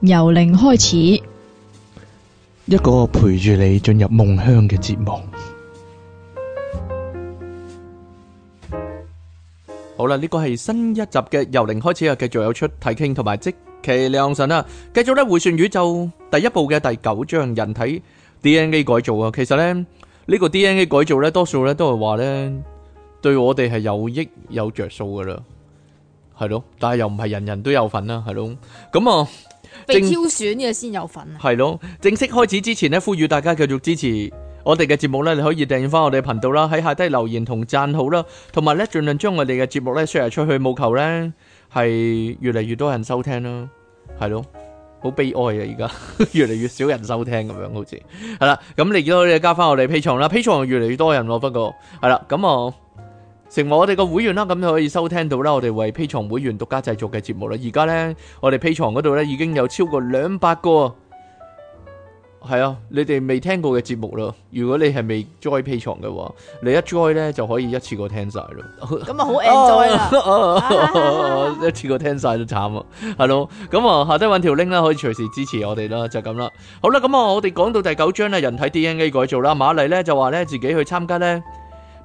由零開始，一個陪住你進入夢鄉嘅節目。好啦，呢個係新一集嘅由零開始啊，繼續有出體傾同埋積奇亮神啦。繼續咧回旋宇宙第一部嘅第九章人體 DNA 改造啊。其實咧呢個 DNA 改造咧，多數咧都係話咧對我哋係有益有着數噶啦，係咯。但係又唔係人人都有份啦，係咯。咁啊。正被挑選嘅先有份啊！係咯，正式開始之前咧，呼籲大家繼續支持我哋嘅節目咧，你可以訂翻我哋頻道啦，喺下低留言同贊好啦，同埋咧盡量將我哋嘅節目咧 share 出去，務求咧係越嚟越多人收聽啦，係咯，好悲哀啊！而家 越嚟越少人收聽咁樣好，好似係啦，咁你而家可以加翻我哋 P 唱啦，P 唱越嚟越多人咯，不過係啦，咁我。成為我哋個會員啦，咁就可以收聽到啦，我哋為披床會員獨家製作嘅節目啦。而家呢，我哋披床嗰度呢，已經有超過兩百個，係啊，你哋未聽過嘅節目咯。如果你係未 join 披床嘅話，你一 join 呢就可以一次過聽晒咯。咁啊好 enjoy 啦，哦、 一次過聽晒都慘啊。Hello，咁啊下低搵條 link 啦，可以隨時支持我哋啦，就咁、是、啦。好啦，咁啊我哋講到第九章啦，人體 DNA 改造啦，瑪麗呢就話呢，自己去參加呢。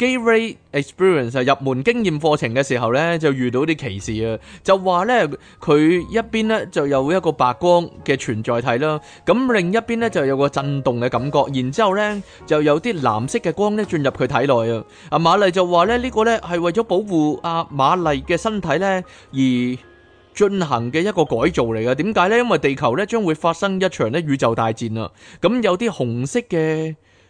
Gateway Experience 入門經驗課程嘅時候呢，就遇到啲歧視啊！就話呢，佢一邊呢就有一個白光嘅存在體啦，咁另一邊呢就有個震動嘅感覺，然之後呢就有啲藍色嘅光呢進入佢體內、這個、啊！阿馬麗就話呢，呢個呢係為咗保護阿馬麗嘅身體呢而進行嘅一個改造嚟嘅。點解呢？因為地球呢將會發生一場呢宇宙大戰啊！咁有啲紅色嘅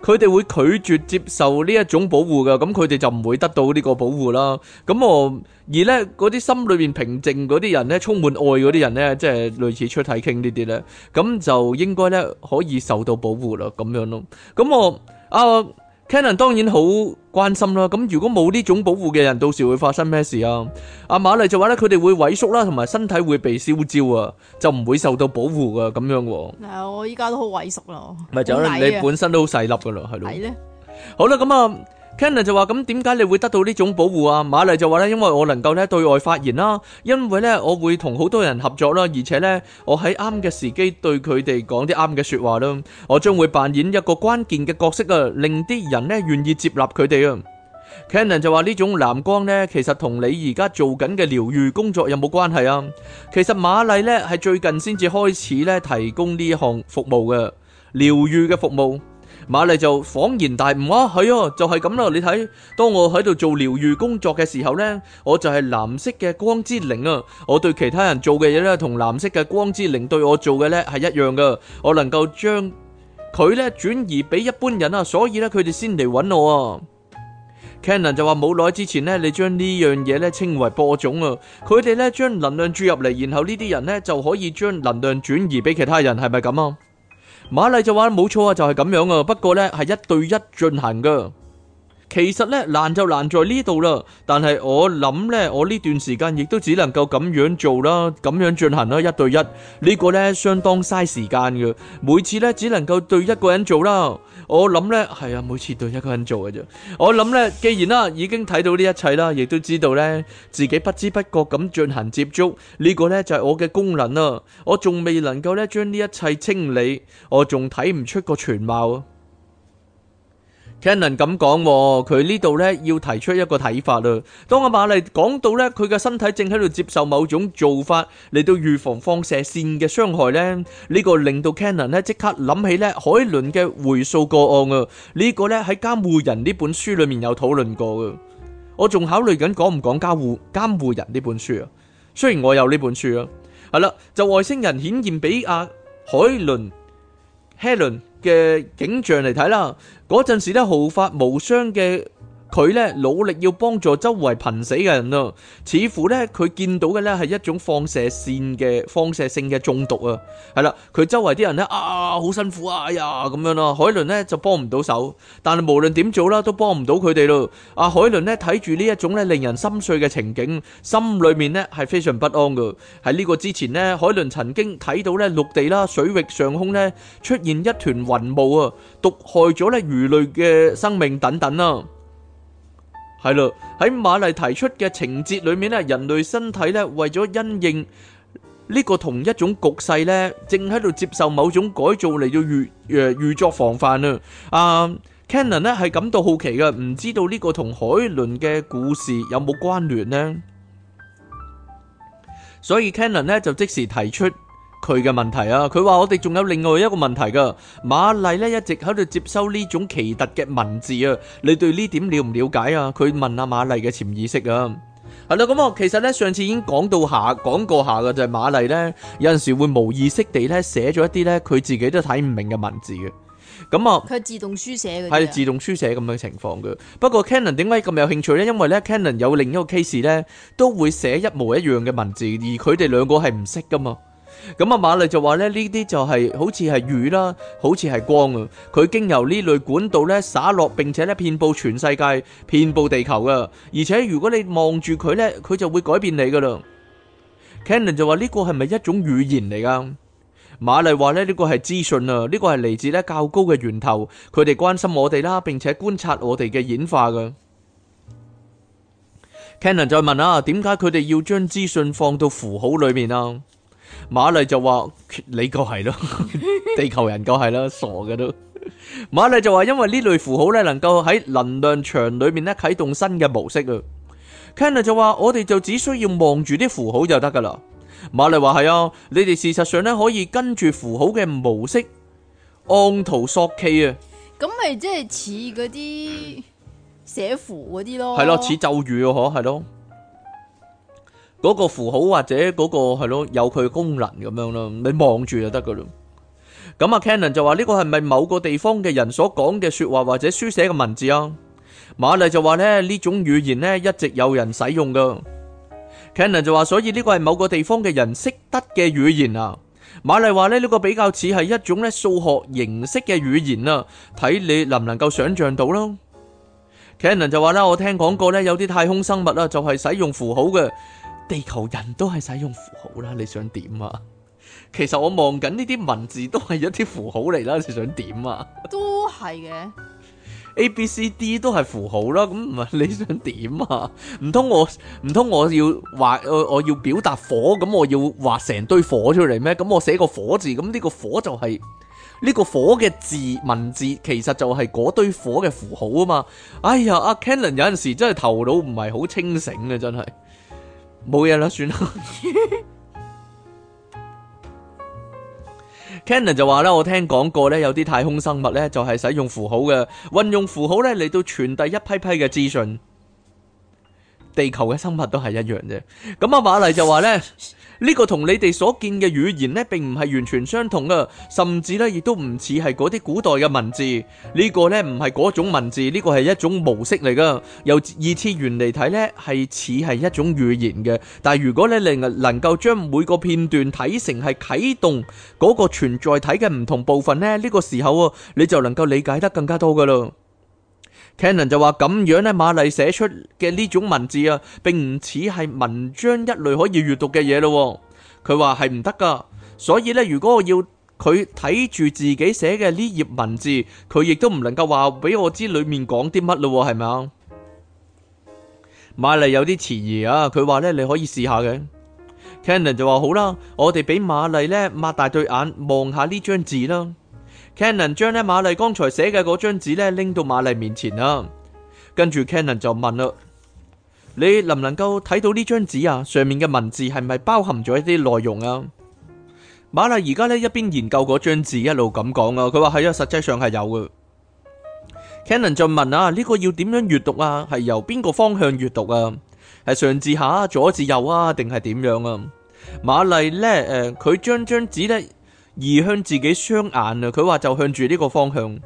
佢哋會拒絕接受呢一種保護嘅，咁佢哋就唔會得到呢個保護啦。咁我而咧嗰啲心裏邊平靜嗰啲人咧，充滿愛嗰啲人咧，即係類似出體傾呢啲咧，咁就應該咧可以受到保護啦。咁樣咯，咁我啊。Canon 當然好關心啦，咁如果冇呢種保護嘅人，到時會發生咩事啊？阿馬麗就話咧，佢哋會萎縮啦，同埋身體會被燒焦啊，就唔會受到保護噶，咁樣喎。係啊，我依家都好萎縮啦，唔係就係你本身都好細粒噶啦，係咯。係咧，好啦，咁啊。Kenner 就話：咁點解你會得到呢種保護啊？馬麗就話咧：因為我能夠咧對外發言啦，因為咧我會同好多人合作啦，而且咧我喺啱嘅時機對佢哋講啲啱嘅説話啦。我將會扮演一個關鍵嘅角色啊，令啲人咧願意接納佢哋啊。Kenner 就話：呢種藍光咧，其實同你而家做緊嘅療愈工作有冇關係啊？其實馬麗咧係最近先至開始咧提供呢一項服務嘅療愈嘅服務。瑪麗就恍然大悟啊，係啊，就係咁啦。你睇，當我喺度做療愈工作嘅時候呢，我就係藍色嘅光之靈啊。我對其他人做嘅嘢呢，同藍色嘅光之靈對我做嘅呢，係一樣噶。我能夠將佢呢轉移俾一般人啊，所以呢，佢哋先嚟揾我啊。Cannon 就話，冇耐之前呢，你將呢樣嘢呢稱為播種啊。佢哋呢將能量注入嚟，然後呢啲人呢就可以將能量轉移俾其他人，係咪咁啊？馬麗就話冇錯啊，就係、是、咁樣啊，不過呢，係一對一進行噶。其實呢，難就難在呢度啦，但係我諗呢，我呢段時間亦都只能夠咁樣做啦，咁樣進行啦，一對一呢，呢個呢，相當嘥時間嘅，每次呢，只能夠對一個人做啦。我諗咧，係啊，每次都一個人做嘅啫。我諗咧，既然啦、啊、已經睇到呢一切啦，亦都知道咧自己不知不覺咁進行接觸、這個、呢個咧就係、是、我嘅功能啦、啊。我仲未能夠咧將呢一切清理，我仲睇唔出個全貌啊！Cannon 咁講，佢呢度咧要提出一個睇法啊。當阿馬麗講到咧，佢嘅身體正喺度接受某種做法嚟到預防放射線嘅傷害咧，呢個令到 Cannon 咧即刻諗起咧海倫嘅回溯個案啊。呢個咧喺監護人呢本書裏面有討論過噶。我仲考慮緊講唔講監護監護人呢本書啊。雖然我有呢本書啊，係啦，就外星人顯現俾阿海倫 Helen。嘅景象嚟睇啦，嗰陣時咧毫髮無傷嘅。佢咧努力要幫助周圍瀕死嘅人啊。似乎咧佢見到嘅咧係一種放射線嘅放射性嘅中毒啊，係啦，佢周圍啲人咧啊好辛苦啊，哎呀咁樣咯。海倫咧就幫唔到手，但係無論點做啦，都幫唔到佢哋咯。阿海倫咧睇住呢一種咧令人心碎嘅情景，心裏面咧係非常不安噶。喺呢個之前咧，海倫曾經睇到咧陸地啦、水域、上空咧出現一團雲霧啊，毒害咗咧魚類嘅生命等等啊。係啦，喺瑪麗提出嘅情節裏面咧，人類身體咧為咗因應呢個同一種局勢咧，正喺度接受某種改造嚟到預誒預作防範啊！啊，Cannon 咧係感到好奇嘅，唔知道呢個同海倫嘅故事有冇關聯呢？所以 Cannon 咧就即時提出。佢嘅問題啊，佢話我哋仲有另外一個問題㗎。馬麗咧一直喺度接收呢種奇特嘅文字啊，你對呢點了唔了解啊？佢問下馬麗嘅潛意識啊，係啦，咁、嗯、我其實咧上次已經講到下講過下嘅就係馬麗咧有陣時會無意識地咧寫咗一啲咧佢自己都睇唔明嘅文字嘅，咁、嗯、啊，佢自動書寫嘅，係自動書寫咁嘅情況嘅。不過 Cannon 點解咁有興趣咧？因為咧 Cannon 有另一個 case 咧都會寫一模一樣嘅文字，而佢哋兩個係唔識㗎嘛。咁啊，馬麗就話咧：呢啲就係好似係雨啦，好似係光啊。佢經由呢類管道咧灑落，並且咧遍佈全世界、遍佈地球噶。而且如果你望住佢咧，佢就會改變你噶啦。Cannon 就話：呢個係咪一種語言嚟噶？馬麗話咧：呢個係資訊啊，呢個係嚟自咧較高嘅源頭，佢哋關心我哋啦，並且觀察我哋嘅演化噶。Cannon 再問啊：點解佢哋要將資訊放到符號裏面啊？瑪麗就話：你個係咯，地球人個係啦，傻嘅都。瑪麗就話：因為呢類符號咧，能夠喺能量場裏面咧啟動新嘅模式啊。Kenna 就話：我哋就只需要望住啲符號就得噶啦。瑪麗話：係啊，你哋事實上咧可以跟住符號嘅模式按圖索驥啊。咁咪即係似嗰啲寫符嗰啲咯，係咯， 似咒語嗬，係咯。嗰個符號或者嗰個係咯，有佢功能咁樣咯，你望住就得噶啦。咁啊，Cannon 就話，呢個係咪某個地方嘅人所講嘅説話或者書寫嘅文字啊？馬麗就話咧，呢種語言呢一直有人使用噶。Cannon 就話，所以呢個係某個地方嘅人識得嘅語言啊。馬麗話咧，呢個比較似係一種咧，數學形式嘅語言啊，睇你能唔能夠想像到咯。Cannon 就話咧，我聽講過咧，有啲太空生物啊就係使用符號嘅。地球人都係使用符號啦，你想點啊？其實我望緊呢啲文字都係一啲符號嚟啦，你想點啊？都係嘅，A B C D 都係符號啦。咁唔係你想點啊？唔通我唔通我要畫我，我要表達火，咁我要畫成堆火出嚟咩？咁我寫個火字，咁呢個火就係呢個火嘅字文字，其實就係嗰堆火嘅符號啊嘛。哎呀，阿 Kennon 有陣時真係頭腦唔係好清醒啊，真係。冇嘢啦，算啦。Canon 就話咧，我聽講過咧，有啲太空生物咧，就係、是、使用符號嘅，運用符號咧嚟到傳遞一批批嘅資訊。地球嘅生物都係一樣啫。咁阿、啊、馬麗就話咧。 呢個同你哋所見嘅語言呢，並唔係完全相同啊，甚至呢亦都唔似係嗰啲古代嘅文字。呢個呢唔係嗰種文字，呢個係一種模式嚟噶。由二次元嚟睇呢，係似係一種語言嘅。但係如果咧你能夠將每個片段睇成係啟動嗰個存在體嘅唔同部分呢，呢個時候啊，你就能夠理解得更加多噶啦。Cannon 就話咁樣咧，馬麗寫出嘅呢種文字啊，並唔似係文章一類可以閱讀嘅嘢咯。佢話係唔得㗎，所以咧，如果我要佢睇住自己寫嘅呢頁文字，佢亦都唔能夠話俾我知裡面講啲乜咯，係咪啊？馬麗有啲遲疑啊，佢話咧你可以試下嘅。Cannon 就話好啦，我哋俾馬麗咧擘大對眼望下呢張字啦。Canon 將咧馬麗剛才寫嘅嗰張紙咧拎到馬麗面前啊，跟住 Canon 就問啦：你能唔能夠睇到呢張紙啊？上面嘅文字係咪包含咗一啲內容啊？馬麗而家咧一邊研究嗰張紙，一路咁講啊。佢話係啊，實際上係有嘅。Canon 就問啊：呢個要點樣閱讀啊？係由邊個方向閱讀啊？係上至下、左至右啊，定係點樣啊？馬麗咧誒，佢將張紙咧，移向自己雙眼啊！佢話就向住呢個方向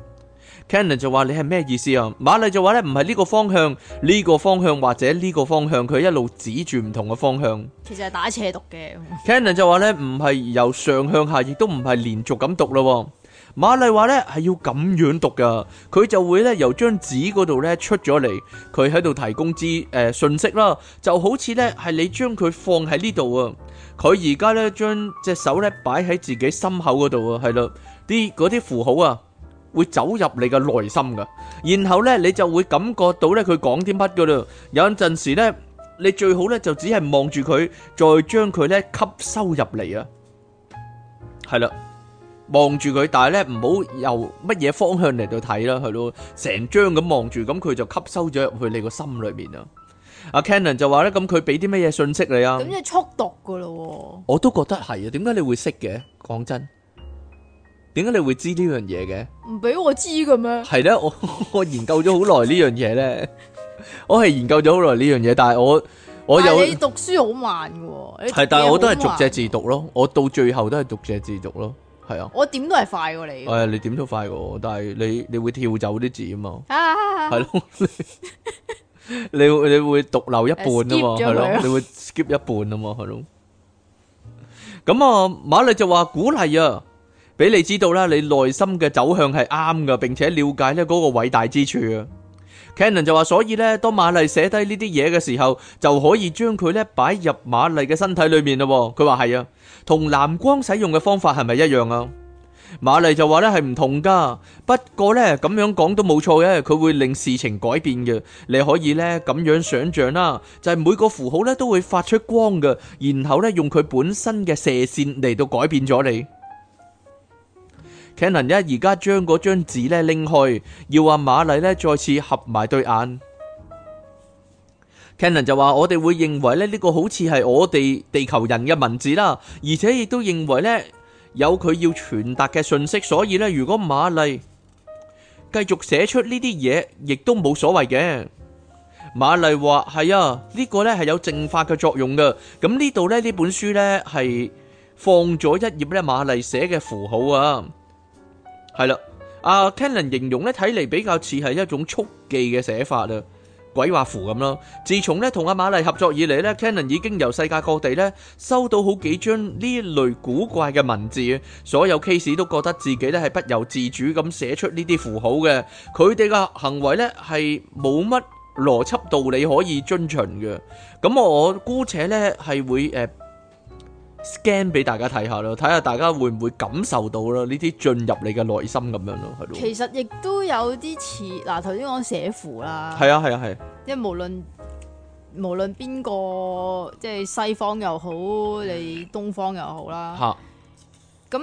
，Cannon 就話你係咩意思啊？馬麗就話咧唔係呢個方向，呢個方向或者呢個方向，佢一路指住唔同嘅方向。其實係打斜讀嘅。Cannon 就話咧唔係由上向下，亦都唔係連續咁讀咯。馬麗話咧係要咁樣讀噶，佢就會咧由張紙嗰度咧出咗嚟，佢喺度提供之誒信息啦，就好似咧係你將佢放喺呢度啊。佢而家咧，將隻手咧擺喺自己心口嗰度啊，係咯，啲嗰啲符號啊，會走入你嘅內心噶。然後咧，你就會感覺到咧，佢講啲乜噶啦。有陣時咧，你最好咧就只係望住佢，再將佢咧吸收入嚟啊。係啦，望住佢，但係咧唔好由乜嘢方向嚟到睇啦，係咯，成張咁望住，咁佢就吸收咗入去你個心裏面啊。阿 Canon 就話咧，咁佢俾啲咩嘢信息你啊？咁就速讀噶咯，我都覺得係啊。點解你會識嘅？講真，點解你會知呢樣嘢嘅？唔俾我知噶咩？係咧，我我研究咗好耐呢樣嘢咧。我係研究咗好耐呢樣嘢，但係我我有你讀書好慢噶。係，但係我都係逐隻字讀咯。我到最後都係逐隻字讀咯。係啊，我點都係快過你。誒、哎，你點都快過，但係你你會跳走啲字啊嘛。係咯。你你會獨留一半啊嘛，係咯？你會 skip 一半啊嘛，係咯？咁啊，馬麗就話鼓勵啊，俾你知道啦，你內心嘅走向係啱噶，並且了解咧嗰個偉大之處啊。Canon 就話，所以咧，當馬麗寫低呢啲嘢嘅時候，就可以將佢咧擺入馬麗嘅身體裏面咯。佢話係啊，同藍光使用嘅方法係咪一樣啊？馬麗就話咧係唔同噶，不過呢，咁樣講都冇錯嘅，佢會令事情改變嘅。你可以呢，咁樣想象啦，就係、是、每個符號咧都會發出光嘅，然後呢，用佢本身嘅射線嚟到改變咗你。Kenan 一而家將嗰張紙拎去，要阿馬麗咧再次合埋對眼。Kenan 就話：我哋會認為咧呢、呢個好似係我哋地球人嘅文字啦，而且亦都認為呢。」有佢要傳達嘅信息，所以咧，如果馬麗繼續寫出呢啲嘢，亦都冇所謂嘅。馬麗話：係啊，呢個咧係有淨化嘅作用嘅。咁呢度咧呢本書咧係放咗一頁咧馬麗寫嘅符號啊，係啦。阿 Cannon 形容咧睇嚟比較似係一種速記嘅寫法啊。鬼畫符咁咯！自從咧同阿瑪麗合作以嚟咧，Canon 已經由世界各地咧收到好幾張呢類古怪嘅文字，所有 case 都覺得自己咧係不由自主咁寫出呢啲符號嘅，佢哋嘅行為咧係冇乜邏輯道理可以遵循嘅。咁我姑且咧係會誒。呃 scan 俾大家睇下咯，睇下大家會唔會感受到咯？呢啲進入你嘅內心咁樣咯，係咯。其實亦都有啲似，嗱頭先講寫符啦，係啊係啊係。即係無論無論邊個，即係西方又好，你東方又好啦。吓咁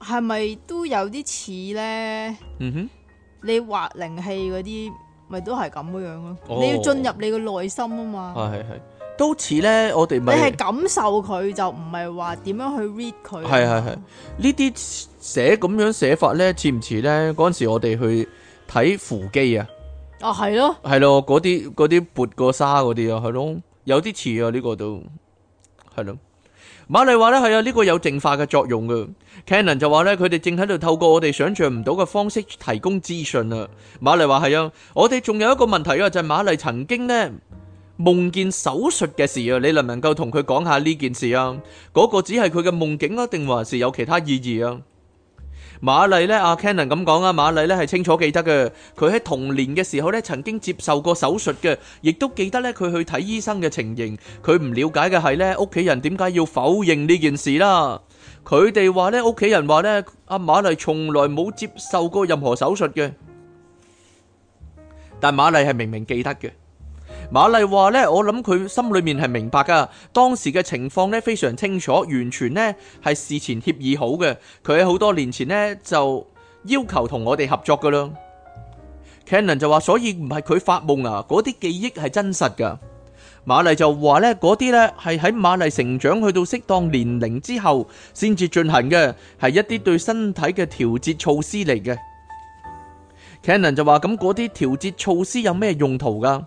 係咪都有啲似咧？嗯、哼，你畫靈氣嗰啲，咪都係咁樣樣咯。哦、你要進入你嘅內心啊嘛。係係係。都似咧，我哋咪你係感受佢，就唔係話點樣去 read 佢。係係係，呢 啲寫咁樣寫法咧，似唔似咧？嗰陣時我哋去睇扶乩啊，啊係咯，係咯，嗰啲嗰啲撥過沙嗰啲啊，係咯，有啲似啊，呢、這個都係咯。瑪麗話咧係啊，呢、這個有淨化嘅作用嘅。Cannon 就話咧，佢哋正喺度透過我哋想象唔到嘅方式提供資訊啊。瑪麗話係啊，我哋仲有一個問題啊，就係、是、瑪麗曾經咧。夢見手術嘅事啊，你能唔能夠同佢講下呢件事啊？嗰個只係佢嘅夢境啊，定還是有其他意義啊？瑪麗呢，阿 Cannon 咁講啊，瑪麗呢係清楚記得嘅，佢喺童年嘅時候呢曾經接受過手術嘅，亦都記得呢佢去睇醫生嘅情形。佢唔了解嘅係呢屋企人點解要否認呢件事啦。佢哋話呢屋企人話呢阿瑪麗從來冇接受過任何手術嘅，但瑪麗係明明記得嘅。馬麗話呢，我諗佢心裏面係明白噶，當時嘅情況呢，非常清楚，完全呢係事前協議好嘅。佢喺好多年前呢，就要求同我哋合作噶啦。Cannon 就話，所以唔係佢發夢啊，嗰啲記憶係真實噶。馬麗就話呢，嗰啲呢，係喺馬麗成長去到適當年齡之後先至進行嘅，係一啲對身體嘅調節措施嚟嘅。Cannon 就話，咁嗰啲調節措施有咩用途噶？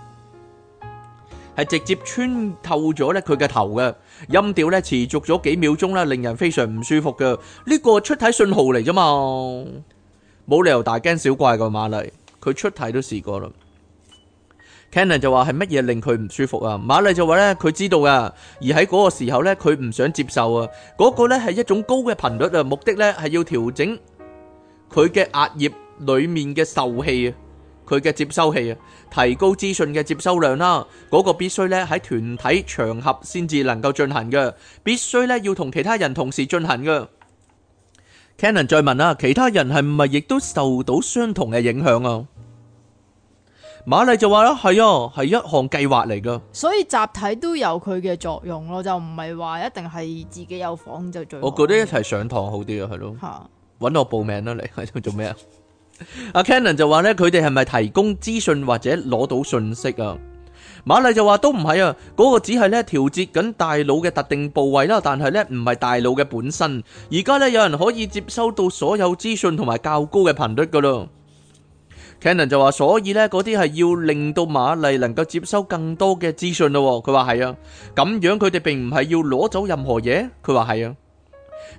係直接穿透咗咧佢嘅頭嘅音調咧持續咗幾秒鐘啦，令人非常唔舒服嘅。呢個出體信號嚟啫嘛，冇理由大驚小怪噶。馬麗佢出體都試過啦。Cannon 就話係乜嘢令佢唔舒服啊？馬麗就話咧佢知道啊，而喺嗰個時候咧佢唔想接受啊。嗰個咧係一種高嘅頻率啊，目的咧係要調整佢嘅壓液裏面嘅受氣啊。佢嘅接收器啊，提高資訊嘅接收量啦，嗰、那個必須咧喺團體場合先至能夠進行嘅，必須咧要同其他人同時進行嘅。Cannon 再問啊，其他人係唔係亦都受到相同嘅影響啊？馬麗就話啦，係啊，係一項計劃嚟噶。所以集體都有佢嘅作用咯，就唔係話一定係自己有房就最好。我覺得一齊上堂好啲啊，係咯。嚇哈！揾我報名啦，你喺度做咩啊？ 阿 Cannon 就話呢，佢哋係咪提供資訊或者攞到信息啊？馬麗就話都唔係啊，嗰、嗰個只係咧調節緊大腦嘅特定部位啦，但係咧唔係大腦嘅本身。而家咧有人可以接收到所有資訊同埋較高嘅頻率噶咯。Cannon 就話，所以呢嗰啲係要令到馬麗能夠接收更多嘅資訊咯。佢話係啊，咁樣佢哋並唔係要攞走任何嘢。佢話係啊。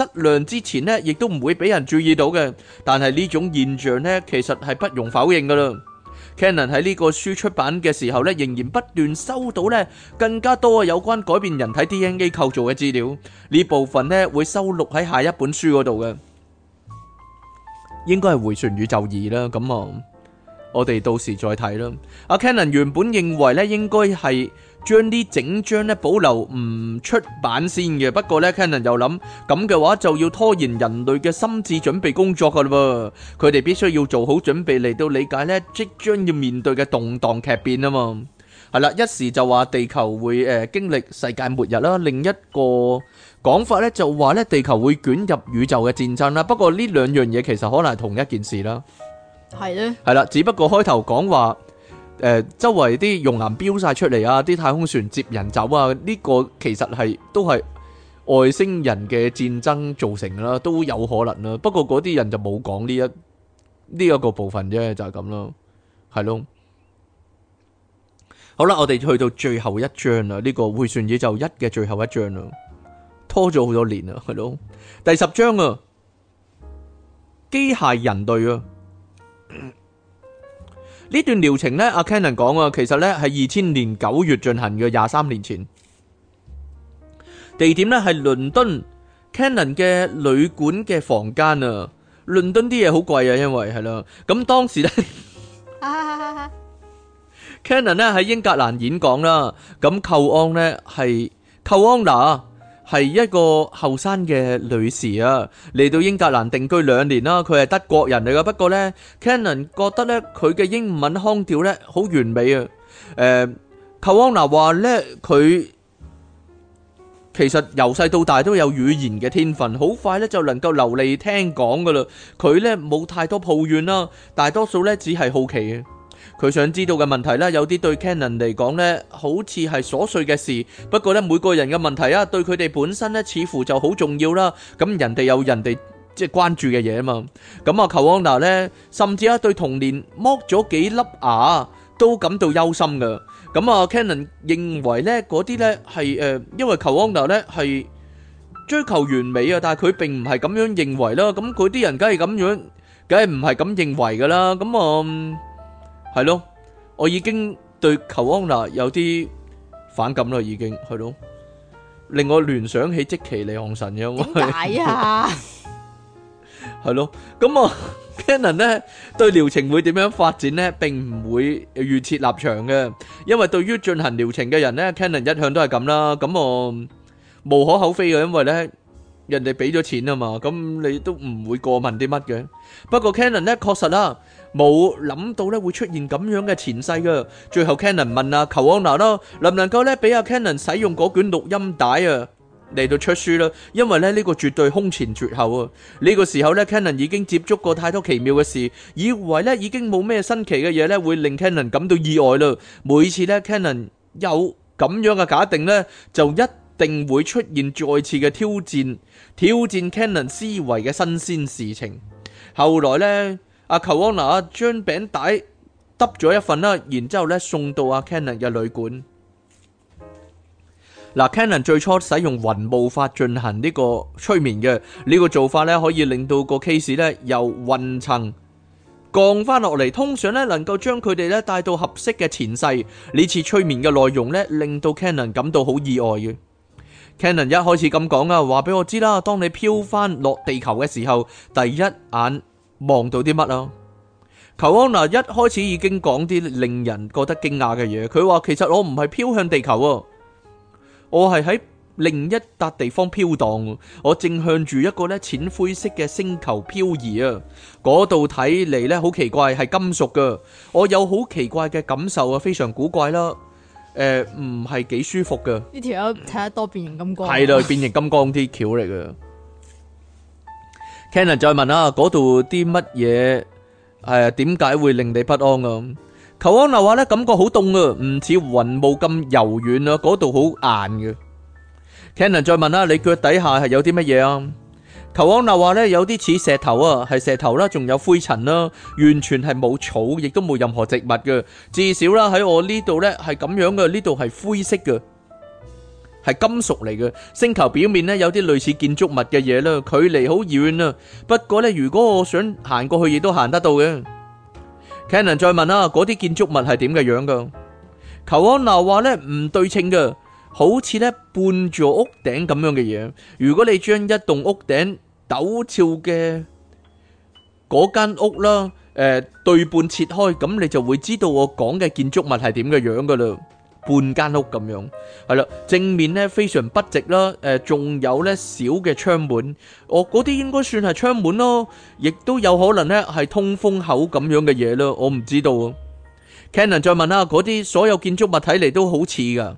質量之前呢，亦都唔會俾人注意到嘅。但係呢種現象呢，其實係不容否認噶啦。Cannon 喺呢個書出版嘅時候呢，仍然不斷收到呢更加多有關改變人體 DNA 構造嘅資料。呢部分呢會收錄喺下一本書嗰度嘅，應該係迴旋宇宙二啦。咁啊，我哋到時再睇啦。阿 Cannon 原本認為呢，應該係。將啲整章咧保留唔出版先嘅，不過咧 Cannon 又諗咁嘅話就要拖延人類嘅心智準備工作噶嘞噃，佢哋必須要做好準備嚟到理解咧即將要面對嘅動盪劇變啊嘛，係啦，一時就話地球會誒經歷世界末日啦，另一個講法咧就話咧地球會捲入宇宙嘅戰爭啦，不過呢兩樣嘢其實可能係同一件事啦，係咧，係啦，只不過開頭講話。誒、呃，周圍啲熔岩飆晒出嚟啊！啲太空船接人走啊！呢、這個其實係都係外星人嘅戰爭造成啦，都有可能啦。不過嗰啲人就冇講呢一呢一、這個部分啫，就係咁咯，係咯。好啦，我哋去到最後一章啦，呢、這個《迴旋宇宙一》嘅最後一章啦，拖咗好多年啦，係咯，第十章啊，機械人類啊。嗯呢段療程咧，阿 Cannon 講啊，其實咧係二千年九月進行嘅，廿三年前，地點咧係倫敦 Cannon 嘅旅館嘅房間啊。倫敦啲嘢好貴啊，因為係啦，咁當時咧，Cannon 咧喺英格蘭演講啦，咁寇安咧係寇安娜。係一個後生嘅女士啊，嚟到英格蘭定居兩年啦。佢係德國人嚟噶，不過咧，Cannon 覺得咧佢嘅英文腔調咧好完美啊。誒，寇安娜話咧佢其實由細到大都有語言嘅天分，好快咧就能夠流利聽講噶啦。佢咧冇太多抱怨啦，大多數咧只係好奇啊。佢想知道嘅問題咧，有啲對 Cannon 嚟講咧，好似係瑣碎嘅事。不過咧，每個人嘅問題啊，對佢哋本身咧，似乎就好重要啦。咁人哋有人哋即係關注嘅嘢啊嘛。咁啊，寇安娜咧，甚至啊，對童年剝咗幾粒牙都感到憂心噶。咁啊，Cannon 認為咧，嗰啲咧係誒，因為寇安娜咧係追求完美啊，但係佢並唔係咁樣認為啦。咁佢啲人梗係咁樣，梗係唔係咁認為噶啦。咁啊～係咯，我已經對求安納有啲反感啦，已經係咯，令我聯想起積奇利昂神嘅。點解啊？係咯，咁啊，Cannon 咧對療程會點樣發展咧，並唔會預設立場嘅，因為對於進行療程嘅人咧，Cannon 一向都係咁啦，咁我無可厚非嘅，因為咧人哋俾咗錢啊嘛，咁你都唔會過問啲乜嘅。不過 Cannon 咧確實啦。冇諗到咧會出現咁樣嘅前世噶，最後 Cannon 問啊求安拿咯，能唔能夠咧俾阿 Cannon 使用嗰卷錄音帶啊嚟到出書啦？因為咧呢個絕對空前絕後啊！呢個時候咧 Cannon 已經接觸過太多奇妙嘅事，以為咧已經冇咩新奇嘅嘢咧會令 Cannon 感到意外啦。每次咧 Cannon 有咁樣嘅假定咧，就一定會出現再次嘅挑戰，挑戰 Cannon 思維嘅新鮮事情。後來咧。阿 o 球王嗱，將餅底揼咗一份啦，然之後咧送到阿 Cannon 嘅旅館。嗱，Cannon 最初使用雲霧法進行呢個催眠嘅，呢、呢個做法咧可以令到個 case 咧由雲層降翻落嚟，通常咧能夠將佢哋咧帶到合適嘅前世。呢次催眠嘅內容咧令到 Cannon 感到好意外嘅。Cannon 一開始咁講啊，話俾我知啦，當你漂翻落地球嘅時候，第一眼，望到啲乜咯？裘安娜一開始已經講啲令人覺得驚訝嘅嘢。佢話，其實我唔係飄向地球，我係喺另一笪地方飄蕩。我正向住一個咧淺灰色嘅星球漂移啊！嗰度睇嚟咧好奇怪，係金屬嘅。我有好奇怪嘅感受啊，非常古怪啦。誒，唔係幾舒服㗎。呢條友睇得多變形金剛。係咯，變形金剛啲橋嚟嘅。Cannon 再問啊，嗰度啲乜嘢係點解會令你不安啊？求安娜話咧，感覺好凍啊，唔似雲霧咁柔軟啊，嗰度好硬嘅。Cannon 再問啦，你腳底下係有啲乜嘢啊？求安娜話咧，有啲似石頭啊，係石頭啦，仲有灰塵啦，完全係冇草，亦都冇任何植物嘅。至少啦，喺我呢度咧係咁樣嘅，呢度係灰色嘅。係金屬嚟嘅，星球表面咧有啲類似建築物嘅嘢啦，距離好遠啊。不過咧，如果我想行過去，亦都行得到嘅。Cannon 再問啦，嗰啲建築物係點嘅樣噶？求安娜話咧，唔對稱嘅，好似咧半座屋頂咁樣嘅嘢。如果你將一棟屋頂陡峭嘅嗰間屋啦，誒對半切開，咁你就會知道我講嘅建築物係點嘅樣噶啦。半間屋咁樣，係啦，正面咧非常筆直啦，誒，仲有咧小嘅窗門，哦嗰啲應該算係窗門咯，亦都有可能咧係通風口咁樣嘅嘢咯，我唔知道啊。Canon 再問啦，嗰啲所有建築物睇嚟都好似噶。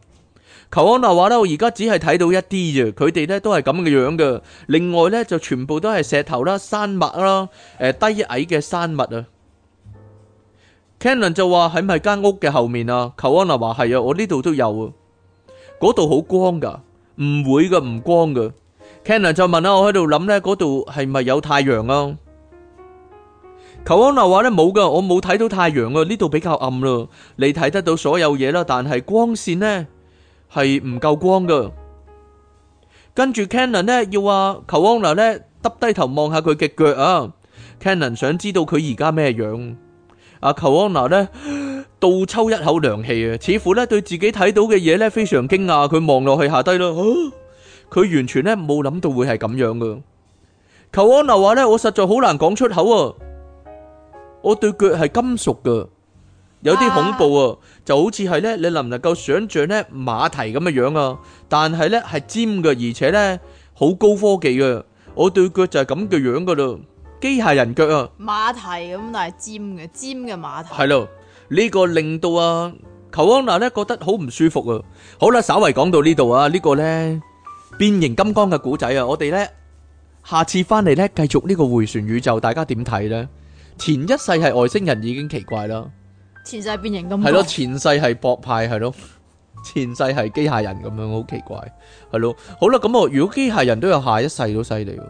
求安娜話咧，我而家只係睇到一啲咋，佢哋咧都係咁嘅樣噶，另外咧就全部都係石頭啦、山脈啦、誒低矮嘅山脈啊。Canon 就話喺咪間屋嘅後面啊，裘安娜話係啊，我呢度都有啊，嗰度好光噶，唔會噶唔光噶。Canon 就問啦，我喺度諗咧，嗰度係咪有太陽啊？裘安娜話咧冇噶，我冇睇到太陽啊，呢度比較暗咯，你睇得到所有嘢啦，但係光線咧係唔夠光噶。跟住 Canon 咧要話裘安娜咧耷低頭望下佢嘅腳啊，Canon 想知道佢而家咩樣。阿裘安娜咧，倒抽一口涼氣啊！似乎咧，對自己睇到嘅嘢咧，非常驚訝。佢望落去下低咯，佢完全咧冇諗到會係咁樣噶。裘安娜話咧，我實在好難講出口啊！我對腳係金屬噶，有啲恐怖啊！就好似係咧，你能唔能夠想象咧馬蹄咁嘅樣啊？但係咧係尖嘅，而且咧好高科技嘅。我對腳就係咁嘅樣噶啦。機械人腳啊，馬蹄咁，但係尖嘅，尖嘅馬蹄。係咯，呢個令到阿裘安娜咧覺得好唔舒服啊！好啦，稍微講到呢度啊，呢個咧變形金剛嘅古仔啊，我哋咧下次翻嚟，咧繼續呢個迴旋宇宙，大家點睇咧？前一世係外星人已經奇怪啦，前世變形金剛，係咯，前世係博派係咯，前世係機械人咁樣，好奇怪係咯。好啦，咁啊，如果機械人都有下一世都犀利喎。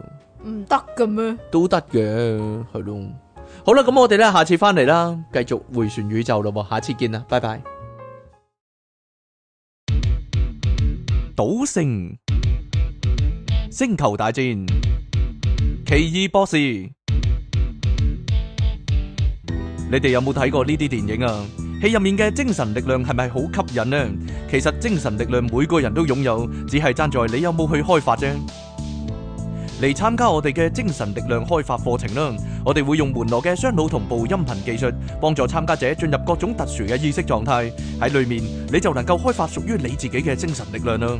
唔得㗎咩？都得嘅，係咯。好啦，咁我哋咧，下次翻嚟啦，繼續回旋宇宙咯。下次見啦，拜拜。賭聖、星球大戰、奇異博士，你哋有冇睇過呢啲電影啊？戲入面嘅精神力量係咪好吸引呢？其實精神力量每個人都擁有，只係爭在你有冇去開發啫。嚟參加我哋嘅精神力量開發課程啦！我哋會用門羅嘅雙腦同步音頻技術，幫助參加者進入各種特殊嘅意識狀態。喺裏面你就能夠開發屬於你自己嘅精神力量啦！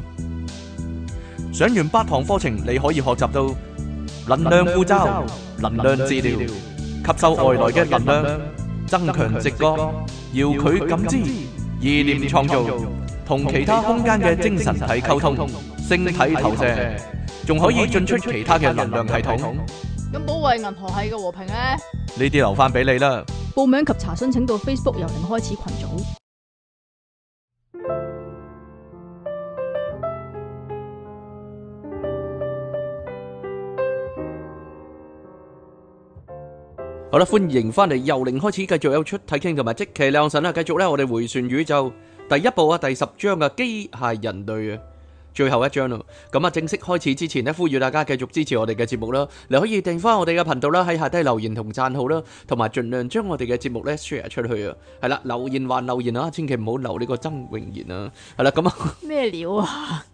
上完八堂課程，你可以學習到能量護罩、能量治療、吸收外來嘅能量、增強直覺、遙距感知、意念創造、同其他空間嘅精神體溝通、星體投射。仲可以進出其他嘅能量系統。咁保衛銀河系嘅和平咧？呢啲留翻俾你啦。報名及查詢請到 Facebook 由零開始群組。好啦，歡迎翻嚟由零開始，繼續有出睇傾同埋即期兩神啦。繼續咧，我哋回旋宇宙第一部啊第十章嘅機械人類啊。最後一張咯，咁啊正式開始之前呢，呼籲大家繼續支持我哋嘅節目啦，你可以訂翻我哋嘅頻道啦，喺下低留言同讚好啦，同埋盡量將我哋嘅節目咧 share 出去啊，係啦，留言還留言啊，千祈唔好留呢個曾永賢啊，係啦，咁啊咩料啊，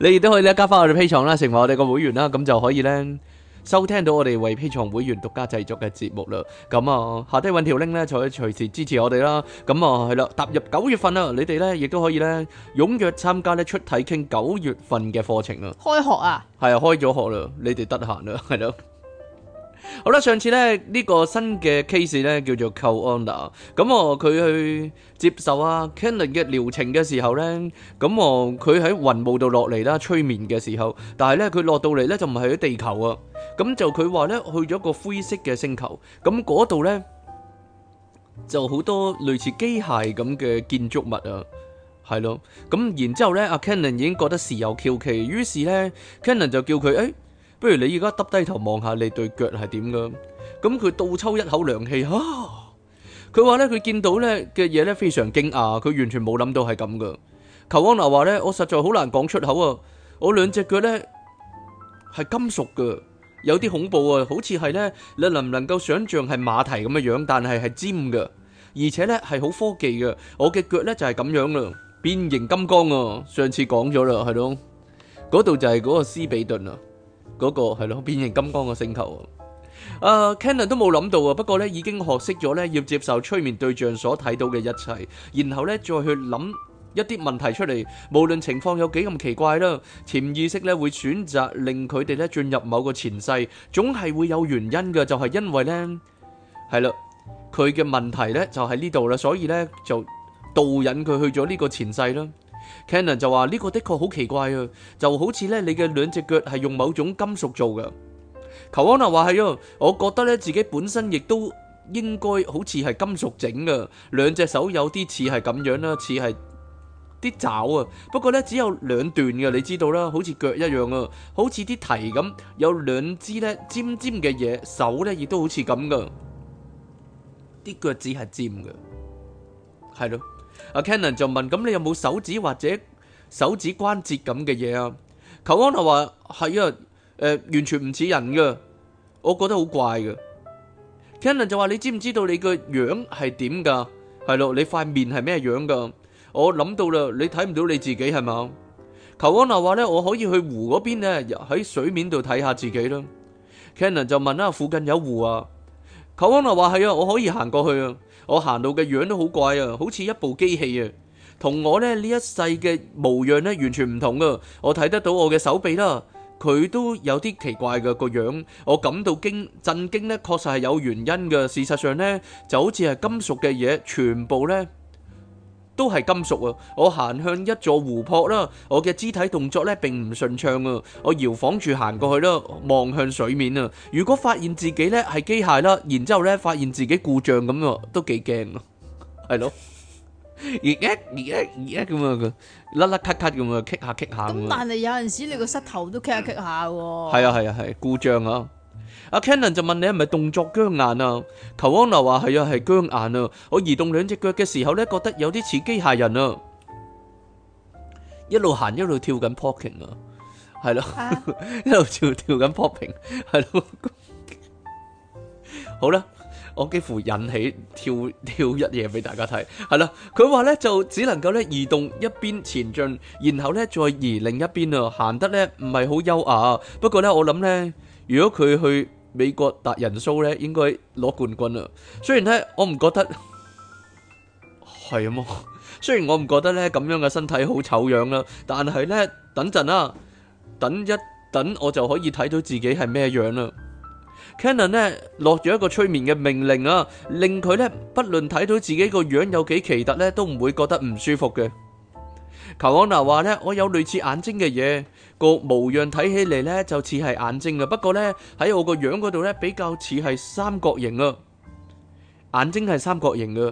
你亦都可以咧加翻我哋 P 廠啦，成為我哋嘅會員啦，咁就可以咧。收聽到我哋為 Patreon 會員獨家製作嘅節目啦，咁啊，下低揾條 link 咧，就可以隨時支持我哋啦。咁啊，係啦，踏入九月份啦，你哋咧亦都可以咧，踴躍參加咧出體傾九月份嘅課程啦。開學啊！係啊，開咗學啦，你哋得閒啦，係咯。好啦，上次咧呢個新嘅 case 咧叫做 Coulonda，咁啊佢去接受啊 Kennan 嘅療程嘅時候咧，咁啊佢喺雲霧度落嚟啦，催眠嘅時候，但係咧佢落到嚟咧就唔係喺地球啊。咁就佢話咧，去咗個灰色嘅星球，咁嗰度咧就好多類似機械咁嘅建築物啊，係咯。咁然之後咧，阿 Kennan 已經覺得事有蹊蹺，於是咧，Kennan 就叫佢誒，不如你而家耷低頭望下你對腳係點噶？咁佢倒抽一口涼氣啊，佢話咧佢見到咧嘅嘢咧非常驚訝，佢完全冇諗到係咁噶。求安娜話咧，我實在好難講出口啊，我兩隻腳咧係金屬噶。有啲恐怖啊，好似係咧，你能唔能夠想象係馬蹄咁嘅樣，但係係尖嘅，而且咧係好科技嘅。我嘅腳咧就係咁樣咯，變形金剛啊！上次講咗啦，係咯，嗰度就係嗰個斯比頓啊，嗰個係咯變形金剛嘅星球啊。啊，Cannon 都冇諗到啊，不過咧已經學識咗咧要接受催眠對象所睇到嘅一切，然後咧再去諗。一啲問題出嚟，無論情況有幾咁奇怪啦，潛意識咧會選擇令佢哋咧進入某個前世，總係會有原因嘅。就係因為咧，係啦，佢嘅問題咧就喺呢度啦，所以咧就導引佢去咗呢個前世啦。Cannon 就話呢個的確好奇怪啊，就好似咧你嘅兩隻腳係用某種金屬做嘅。求安啊，話係啊，我覺得咧自己本身亦都應該好似係金屬整嘅兩隻手，有啲似係咁樣啦，似係。啲爪啊，不過咧只有兩段嘅，你知道啦，好似腳一樣啊，好似啲蹄咁，有兩支咧尖尖嘅嘢，手咧亦都好似咁噶，啲腳趾係尖嘅，係咯。阿 Cannon 就問：咁你有冇手指或者手指關節咁嘅嘢啊？求安就話：係啊，誒，完全唔似人噶，我覺得好怪噶。Cannon 就話：你知唔知道你個樣係點噶？係咯，你塊面係咩樣噶？我諗到啦，你睇唔到你自己係嘛？求安娜話咧，我可以去湖嗰邊咧，喺水面度睇下自己啦。Cannon 就問啦，附近有湖啊？求安娜話係啊，我可以行過去啊。我行到嘅樣都好怪啊，好似一部機器啊，同我咧呢一世嘅模樣咧完全唔同啊。我睇得到我嘅手臂啦，佢都有啲奇怪嘅個樣。我感到驚震驚咧，確實係有原因嘅。事實上咧，就好似係金屬嘅嘢，全部咧。都係金屬啊！我行向一座湖泊啦，我嘅肢體動作咧並唔順暢啊！我搖晃住行過去啦，望向水面啊！如果發現自己咧係機械啦，然之後咧發現自己故障咁啊，都幾驚啊，係咯，而一而一而一咁啊，甩甩咳咳咁啊，棘下棘下。咁但係有陣時你個膝頭都棘下棘下喎。係啊係啊係，故障啊！阿 Cannon 就問你係咪動作僵硬啊？求安娜話係啊，係僵硬啊！我移動兩隻腳嘅時候咧，覺得有啲似機械人啊，一路行一路跳緊 popping 啊，係咯，啊、 一路跳跳緊 popping，係咯。 好啦，我幾乎引起跳跳一嘢俾大家睇，係啦。佢話咧就只能夠咧移動一邊前進，然後咧再移另一邊啊，行得咧唔係好優雅，啊，不過咧我諗咧。如果佢去美國達人 show 咧，應該攞冠軍啦。雖然咧，我唔覺得係啊嘛。雖然我唔覺得咧，咁樣嘅身體好醜樣啦。但係咧，等陣啊，等一等，我就可以睇到自己係咩樣啦。Cannon 咧落咗一個催眠嘅命令啊，令佢咧，不論睇到自己個樣有幾奇特咧，都唔會覺得唔舒服嘅。求安娜話咧，我有類似眼睛嘅嘢。個模樣睇起嚟咧就似係眼睛嘅，啊，不過咧，喺我個樣嗰度咧比較似係三角形啊，眼睛係三角形嘅，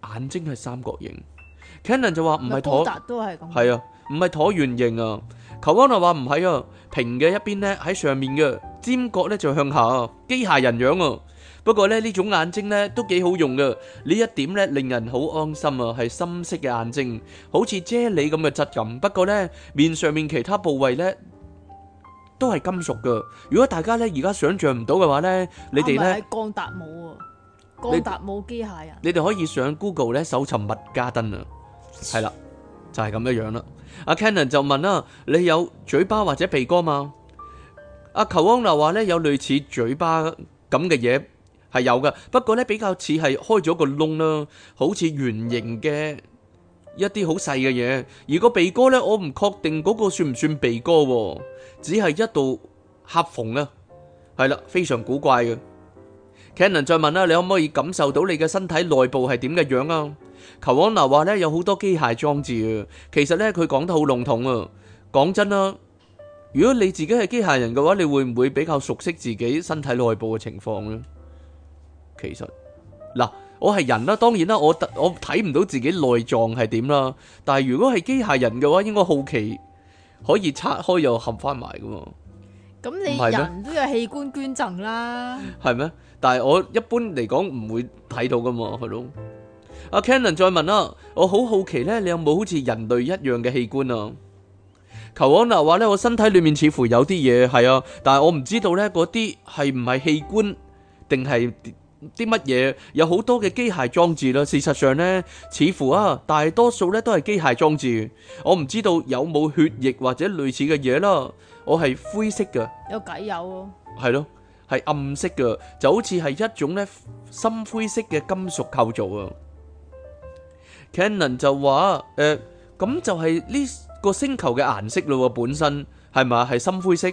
啊，眼睛係三角形。Canon 就話唔係橢，都係咁，係啊，唔係橢圓形啊。求安就話唔係啊，平嘅一邊咧喺上面嘅，尖角咧就向下，機械人樣啊。不過咧呢種眼睛咧都幾好用噶呢一點咧令人好安心啊！係深色嘅眼睛，好似啫喱咁嘅質感。不過咧面上面其他部位咧都係金屬噶如果大家咧而家想象唔到嘅話咧，你哋咧光達冇，光達冇機械人。你哋可以上 Google 咧搜尋麥加登啊，係啦，就係咁樣樣啦。阿 Cannon 就問啦，你有嘴巴或者鼻哥嘛？阿求安娜話咧有類似嘴巴咁嘅嘢。係有噶，不過呢，比較似係開咗個窿啦、啊，好似圓形嘅一啲好細嘅嘢。而個鼻哥呢，我唔確定嗰個算唔算鼻哥喎、啊，只係一度合縫啦、啊。係啦，非常古怪嘅。Cannon 再問啦、啊，你可唔可以感受到你嘅身體內部係點嘅樣，樣啊？求安娜話呢，有好多機械裝置啊，其實呢，佢講得好籠統啊。講真啦，如果你自己係機械人嘅話，你會唔會比較熟悉自己身體內部嘅情況呢？其實嗱，我係人啦，當然啦，我我睇唔到自己內臟係點啦。但係如果係機械人嘅話，應該好奇可以拆開又合返埋噶嘛？咁你人都有器官捐贈啦，係咩？ 但係我一般嚟講唔會睇到噶嘛，係咯。阿 Canon 再問啦、啊，我好好奇咧，你有冇好似人類一樣嘅器官啊？求安娜話咧，我身體裏面似乎有啲嘢係啊，但係我唔知道咧，嗰啲係唔係器官定係？啲乜嘢有好多嘅機械裝置啦，事實上咧，似乎啊，大多數咧都係機械裝置。我唔知道有冇血液或者類似嘅嘢啦。我係灰色嘅，有解有咯，係咯，係暗色嘅，就好似係一種咧深灰色嘅金屬構造啊。Cannon 就話誒，咁就係呢個星球嘅顏色咯，本身係咪係深灰色？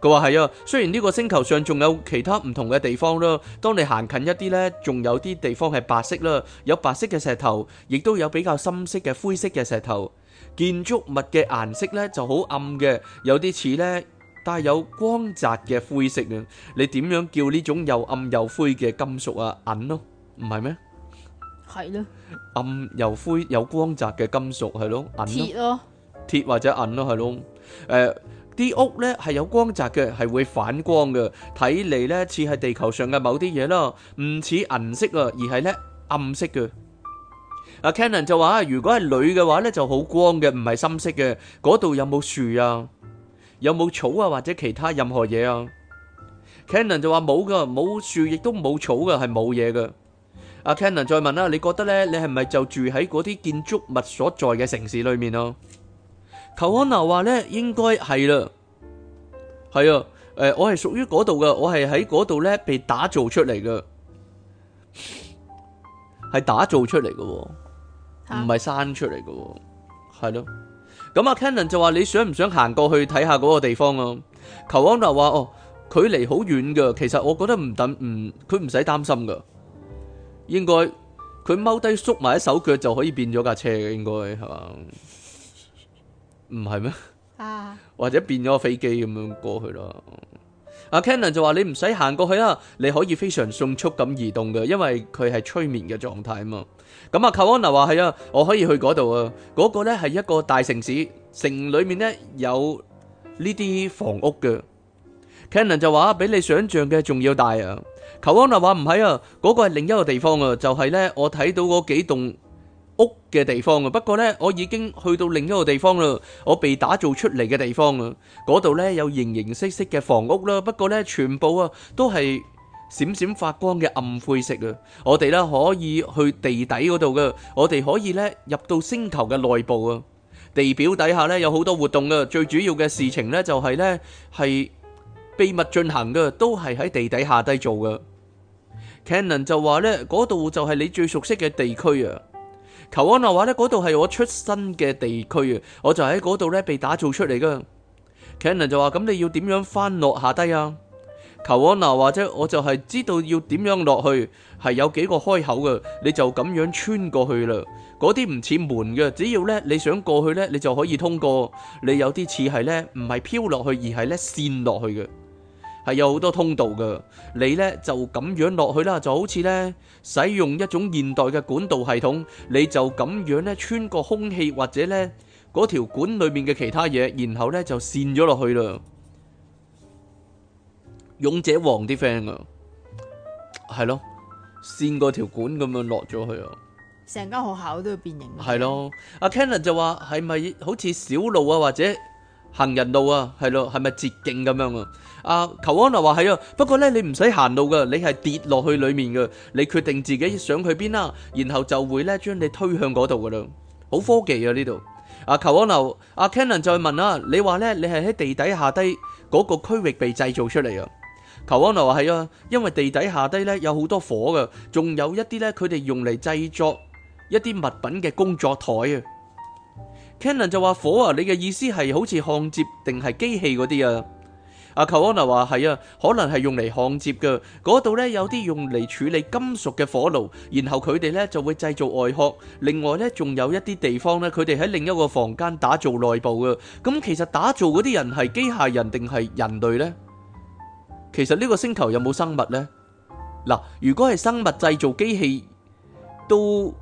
佢話係啊，雖然呢個星球上仲有其他唔同嘅地方啦，當你行近一啲呢，仲有啲地方係白色啦，有白色嘅石頭，亦都有比較深色嘅灰色嘅石頭。建築物嘅顏色呢就好暗嘅，有啲似呢帶有光澤嘅灰色嘅。你點樣叫呢種又暗又灰嘅金屬啊？銀咯，唔係咩？係咯，暗又灰有光澤嘅金屬係咯，銀咯，鐵咯，鐵或者銀咯係咯，誒。啲屋呢係有光澤嘅，係會反光嘅。睇嚟呢似係地球上嘅某啲嘢咯，唔似銀色啊，而係呢暗色嘅。阿 Cannon 就話：如果係女嘅話呢，就好光嘅，唔係深色嘅。嗰度有冇樹啊？有冇草啊？或者其他任何嘢啊？Cannon 就話冇㗎，冇樹亦都冇草㗎，係冇嘢㗎。阿 Cannon 再問啦：你覺得呢，你係咪就住喺嗰啲建築物所在嘅城市裏面啊？求安達話咧，應該係啦，係啊，誒、呃，我係屬於嗰度噶，我係喺嗰度咧被打造出嚟噶，係打造出嚟噶，唔係生出嚟噶，係咯、啊。咁阿 Cannon 就話，你想唔想行過去睇下嗰個地方啊？求安達話哦，距離好遠噶，其實我覺得唔等唔，佢唔使擔心噶，應該佢踎低縮埋一手腳就可以變咗架車嘅，應該係嘛？唔係咩？啊！或者變咗個飛機咁樣過去咯。阿 Cannon 就話：你唔使行過去啊，你可以非常迅速咁移動嘅，因為佢係催眠嘅狀態啊嘛。咁啊 Kawana 話係啊，我可以去嗰度啊。嗰、那個咧係一個大城市，城裡面咧有呢啲房屋嘅。Cannon 就話：比你想象嘅仲要大啊。Kawana 話唔係啊，嗰、那個係另一個地方啊，就係、是、咧我睇到嗰幾棟屋嘅地方啊，不過咧，我已經去到另一個地方啦。我被打造出嚟嘅地方啊，嗰度咧有形形色色嘅房屋啦。不過咧，全部啊都係閃閃發光嘅暗灰色啊。我哋咧可以去地底嗰度嘅，我哋可以咧入到星球嘅內部啊。地表底下咧有好多活動噶，最主要嘅事情咧就係咧係秘密進行噶，都係喺地底下底做噶。Cannon 就話咧，嗰度就係你最熟悉嘅地區啊。求安娜話咧，嗰度係我出生嘅地區啊，我就喺嗰度咧被打造出嚟噶。Cannon 就話，咁你要點樣翻落下低啊？求安娜話啫，我就係知道要點樣落去，係有幾個開口噶，你就咁樣穿過去啦。嗰啲唔似門嘅，只要咧你想過去咧，你就可以通過。你有啲似係咧，唔係飄落去，而係咧線落去嘅。係有好多通道噶，你咧就咁樣落去啦，就好似咧使用一種現代嘅管道系統，你就咁樣咧穿過空氣或者咧嗰條管裡面嘅其他嘢，然後咧就線咗落去啦。勇者王啲 friend 啊，係咯，線過條管咁樣落咗去啊，成間學校都要變形。係咯，阿 Kenneth 就話係咪好似小路啊或者？行人路啊，係咯，係咪捷徑咁樣啊？阿、啊、求安娜就話係啊，不過咧你唔使行路噶，你係跌落去裡面噶，你決定自己上去邊啦，然後就會咧將你推向嗰度噶啦，好科技啊呢度。阿求、啊、安娜就阿 Canon 就問啊，你話咧你係喺地底下低嗰個區域被製造出嚟啊？求安娜就話係啊，因為地底下低咧有好多火噶，仲有一啲咧佢哋用嚟製作一啲物品嘅工作台啊。Canon 就話火啊，你嘅意思係好似焊接定係機器嗰啲啊？阿寇安娜話係啊，可能係用嚟焊接噶。嗰度咧有啲用嚟處理金屬嘅火爐，然後佢哋咧就會製造外殼。另外咧仲有一啲地方咧，佢哋喺另一個房間打造內部噶。咁其實打造嗰啲人係機械人定係人類咧？其實呢個星球有冇生物咧？嗱，如果係生物製造機器都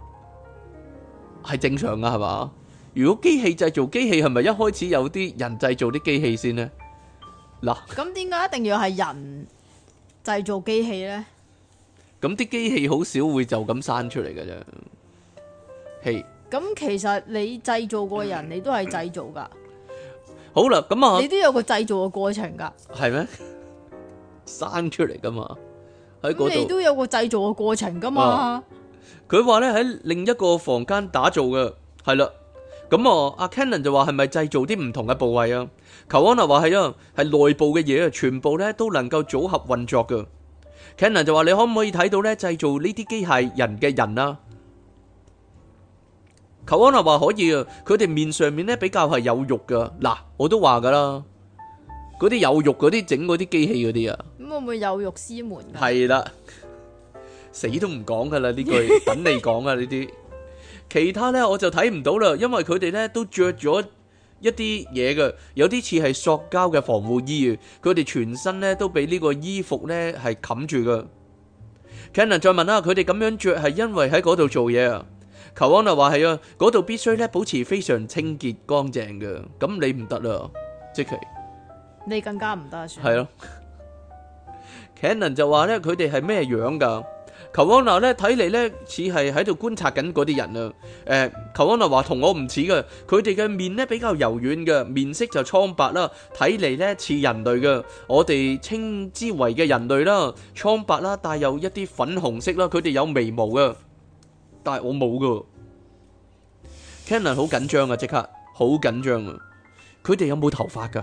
係正常噶，係嘛？如果機器製造機器，係咪一開始有啲人製造啲機器先呢？嗱，咁點解一定要係人製造機器呢？咁啲機器好少會就咁生出嚟噶啫。係。咁其實你製造過人，你都係製造噶。 造好啦，咁啊，是嗎 你都有個製造嘅過程噶。係咩？生出嚟噶嘛？喺你都有個製造嘅過程噶嘛？佢話咧喺另一個房間打造嘅，係啦。咁啊，阿 Kenan 就話係咪製造啲唔同嘅部位啊？求安娜話係啊，係內部嘅嘢，全部咧都能夠組合運作噶。Kenan 就話你可唔可以睇到咧製造呢啲機械人嘅人啊？求安娜話可以啊，佢哋面上面咧比較係有肉噶。嗱，我都話噶啦，嗰啲有肉嗰啲整嗰啲機器嗰啲啊。咁會唔會有肉絲門？係啦，死都唔講噶啦呢句，等你講啊呢啲。其他咧我就睇唔到啦，因為佢哋咧都著咗一啲嘢嘅，有啲似係塑膠嘅防護衣啊。佢哋全身咧都俾呢個衣服咧係冚住嘅。Cannon 再問啦，佢哋咁樣著係因為喺嗰度做嘢啊？求安啊話係啊，嗰度必須咧保持非常清潔乾淨嘅。咁你唔得啦，即其你更加唔得呀。係咯，Cannon 就話咧，佢哋係咩樣㗎？裘安娜咧睇嚟咧似係喺度觀察緊嗰啲人啊！誒、呃，裘安娜話同我唔似嘅，佢哋嘅面咧比較柔軟嘅，面色就蒼白啦，睇嚟咧似人類嘅，我哋稱之為嘅人類啦，蒼白啦，帶有一啲粉紅色啦，佢哋有眉毛嘅，但係我冇嘅。Cannon 好緊張啊！即刻好緊張啊！佢哋有冇頭髮㗎？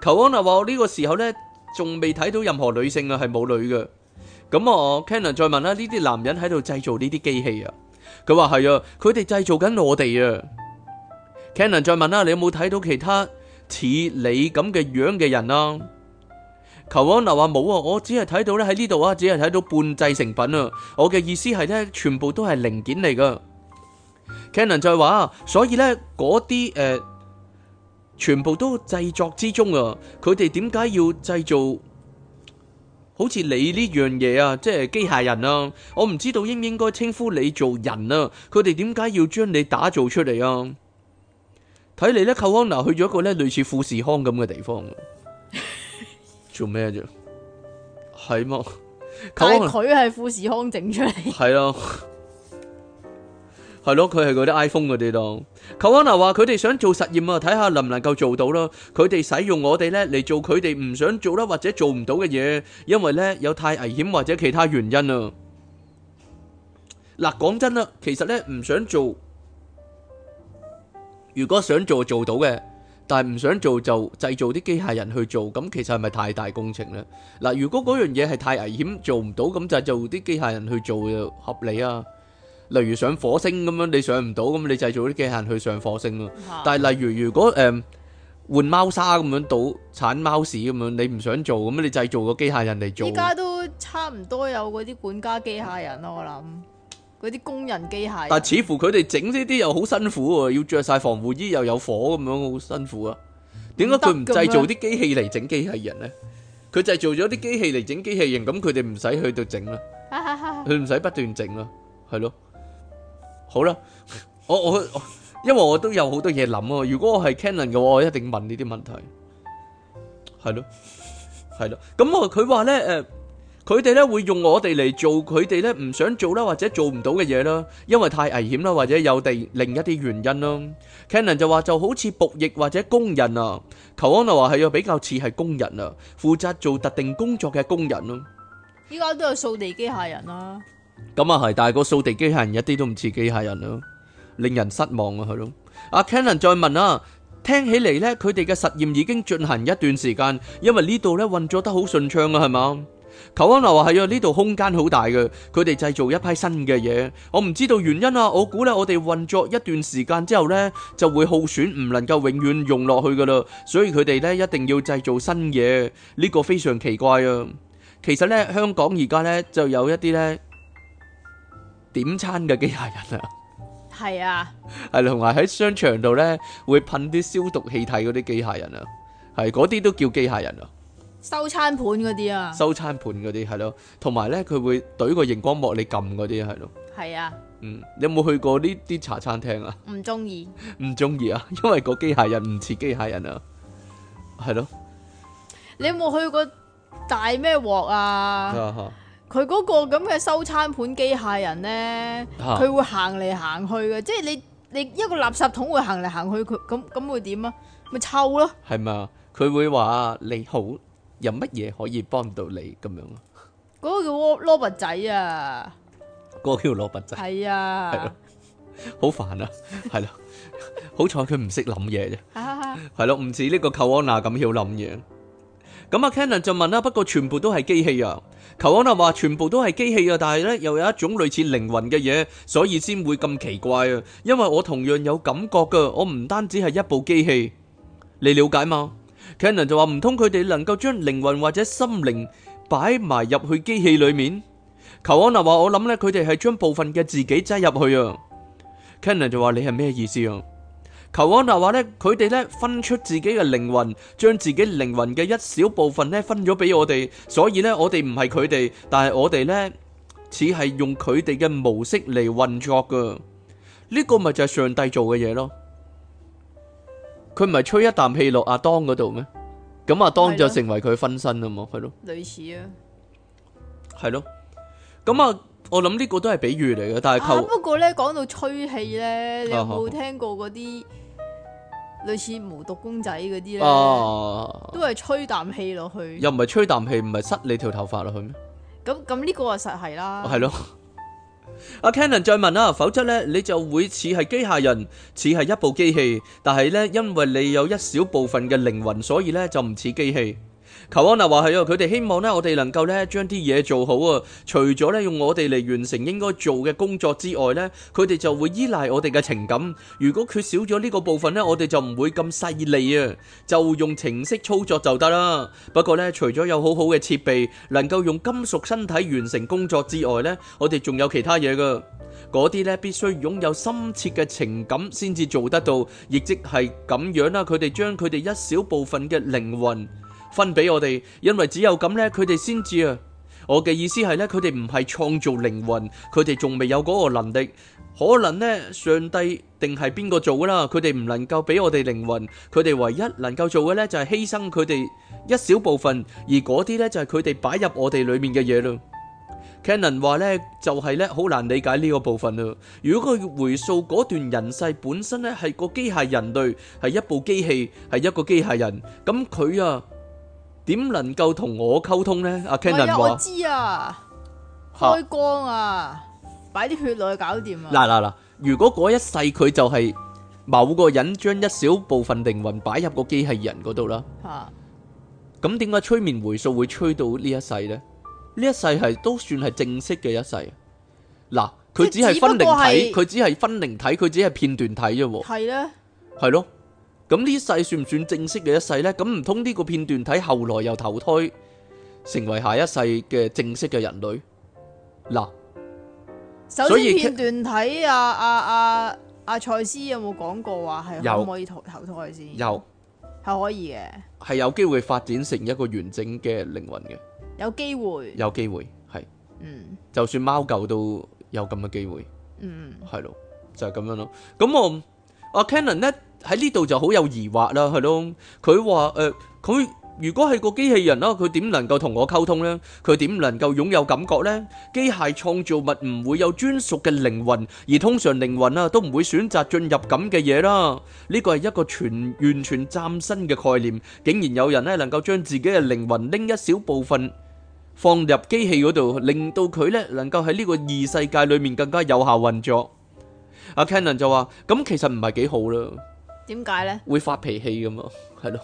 求安娜話：我呢個時候咧，仲未睇到任何女性女、嗯哦、啊，係冇女嘅。咁啊，Cannon 再問啦：呢啲男人喺度製造呢啲機器啊？佢話係啊，佢哋製造緊我哋啊。Cannon 再問啦：你有冇睇到其他似你咁嘅樣嘅人啊？求安娜話冇啊，我只係睇到咧喺呢度啊，只係睇到半製成品啊。我嘅意思係咧，全部都係零件嚟噶。Cannon 再話：所以咧嗰啲誒。全部都製作之中啊！佢哋點解要製造好似你呢樣嘢啊？即係機械人啊！我唔知道應唔應該稱呼你做人啊！佢哋點解要將你打造出嚟啊？睇嚟咧，寇康娜去咗一個咧類似富士康咁嘅地方，做咩啫？係嘛？ 但係佢係富士康整出嚟，係啊。係咯，佢係嗰啲 iPhone 嗰啲咯。喬安娜話佢哋想做實驗啊，睇下能唔能夠做到啦。佢哋使用我哋咧嚟,做佢哋唔想做啦，或者做唔到嘅嘢，因為咧有太危險或者其他原因啊。嗱，講真啦，其實咧唔想做，如果想做做到嘅，但係唔想做就製造啲機械人去做，咁其實係咪太大工程咧？嗱，如果嗰樣嘢係太危險做唔到，咁就做啲機械人去做就合理啊。例如上火星咁樣，你上唔到，咁你製造啲機械人去上火星咯。但係例如如果誒換貓砂咁樣倒鏟貓屎咁樣，你唔想做咁，你製造個機械人嚟做。依家都差唔多有嗰啲管家機械人咯，我諗嗰啲工人機械人。但係似乎佢哋整呢啲又好辛苦喎，要着晒防護衣，又有火咁樣，好辛苦啊！點解佢唔製造啲機器嚟整機械人咧？佢製造咗啲機器嚟整機械人，咁佢哋唔使去到整啦，佢唔使不斷整啦，係咯？好啦，我我我，因為我都有好多嘢諗啊。如果我係 Cannon 嘅話，我一定問呢啲問題。係咯，係咯。咁我佢話咧，誒，佢哋咧會用我哋嚟做佢哋咧唔想做啦，或者做唔到嘅嘢啦，因為太危險啦，或者有第另一啲原因咯。Cannon 就話就好似僕役或者工人啊。求安就話係要比較似係工人啊，負責做特定工作嘅工人咯。依家都有掃地機械人啦。咁啊係，大個掃地機器人一啲都唔似機械人啊，令人失望啊，係咯。阿 Kenin 再問啊，聽起嚟，呢，佢哋嘅實驗已經進行一段時間，因為呢度呢運作得好順暢啊，係嘛？求安達話係啊，呢度空間好大嘅，佢哋製造一批新嘅嘢。我唔知道原因啊，我估呢，我哋運作一段時間之後呢，就會耗損，唔能夠永遠用落去噶啦，所以佢哋呢一定要製造新嘢，呢個非常奇怪啊。其實呢，香港而家呢就有一啲呢。點餐嘅機械人啊，係啊，係同埋喺商場度咧會噴啲消毒氣體嗰啲機械人啊，係嗰啲都叫機械人啊，收餐盤嗰啲啊，收餐盤嗰啲係咯，同埋咧佢會懟個熒光幕你撳嗰啲係咯，係啊，嗯，你有冇去過呢啲茶餐廳啊？唔中意，唔中意啊，因為個機械人唔似機械人啊，係咯，你有冇去過大咩鑊啊？佢嗰個咁嘅收餐盤機械人咧，佢會行嚟行去嘅，即係你你一個垃圾桶會行嚟行去，佢咁咁會點啊？咪臭咯！係咪啊？佢會話你好，有乜嘢可以幫到你咁樣啊？嗰個叫蘿蘿蔔仔啊，嗰個叫蘿蔔仔，係啊，好煩啊，係咯， 好彩佢唔識諗嘢啫，係咯，唔似呢個寇安娜咁要諗嘢。咁阿 Cannon 就問啦，不過全部都係機器啊。求安娜話：全部都係機器啊，但係咧又有一種類似靈魂嘅嘢，所以先會咁奇怪啊！因為我同樣有感覺噶，我唔單止係一部機器。你了解嗎？Kenan 就話：唔通佢哋能夠將靈魂或者心靈擺埋入去機器裡面？求安娜話：我諗咧佢哋係將部分嘅自己擠入去啊。Kenan 就話：你係咩意思啊？求安娜話咧，佢哋咧分出自己嘅靈魂，將自己靈魂嘅一小部分咧分咗俾我哋，所以咧我哋唔係佢哋，但係我哋咧似係用佢哋嘅模式嚟運作噶，呢個咪就係上帝做嘅嘢咯。佢唔係吹一啖氣落阿當嗰度咩？咁阿當就成為佢分身啦嘛，係咯？類似啊，係咯。咁啊，我諗呢個都係比喻嚟嘅，但係求不過咧，講到吹氣咧，你有冇聽過嗰啲？類似無毒公仔嗰啲咧，都係吹啖氣落去。又唔係吹啖氣，唔係塞你條頭髮落去咩？咁咁呢個就實係啦。係咯，阿 Canon 再問啊，否則咧，你就會似係機械人，似係一部機器。但係咧，因為你有一小部分嘅靈魂，所以咧就唔似機器。求安嗱話係啊，佢哋希望咧，我哋能夠咧將啲嘢做好啊！除咗咧用我哋嚟完成應該做嘅工作之外咧，佢哋就會依賴我哋嘅情感。如果缺少咗呢個部分咧，我哋就唔會咁犀利啊！就用程式操作就得啦。不過咧，除咗有好好嘅設備，能夠用金屬身體完成工作之外咧，我哋仲有其他嘢噶。嗰啲咧必須擁有深切嘅情感先至做得到，亦即係咁樣啦。佢哋將佢哋一小部分嘅靈魂。分俾我哋，因為只有咁呢，佢哋先至啊。我嘅意思係呢，佢哋唔係創造靈魂，佢哋仲未有嗰個能力。可能呢，上帝定係邊個做啦？佢哋唔能夠俾我哋靈魂，佢哋唯一能夠做嘅呢，就係犧牲佢哋一小部分，而嗰啲呢，就係佢哋擺入我哋裏面嘅嘢咯。Cannon 話呢，就係呢，好難理解呢個部分啊。如果佢回溯嗰段人世本身呢，係個機械人類，係一部機器，係一個機械人，咁佢啊。點能夠同我溝通呢？阿 Cannon 喎，唔係啊，我知啊，開光啊，擺啲血落去搞掂啊！嗱嗱嗱，如果嗰一世佢就係某個人將一小部分靈魂擺入個機器人嗰度啦，吓，咁點解催眠回溯會催到呢一世呢？呢一世係都算係正式嘅一世，嗱，佢只係分靈體，佢只係分靈體，佢只係片段體啫，喎，係咧，係咯。咁呢一世算唔算正式嘅一世呢？咁唔通呢個片段睇後來又投胎，成為下一世嘅正式嘅人類嗱。首先片段睇阿阿阿阿蔡司有冇講過話係可唔可以投投胎先？有，係可以嘅，係有機會發展成一個完整嘅靈魂嘅，有機會，有機會係，嗯，就算貓狗都有咁嘅機會，嗯，係咯，就係咁樣咯，咁我。阿 Canon 咧喺呢度就好有疑惑啦，係咯？佢話：誒，佢如果係個機器人啦，佢點能夠同我溝通咧？佢點能夠擁有感覺咧？機械創造物唔會有專屬嘅靈魂，而通常靈魂啊都唔會選擇進入咁嘅嘢啦。呢個係一個全完全嶄新嘅概念，竟然有人咧能夠將自己嘅靈魂拎一小部分放入機器嗰度，令到佢咧能夠喺呢個異世界裡面更加有效運作。阿 Canon 就話：，咁其實唔係幾好啦。點解咧？會發脾氣噶嘛，係咯。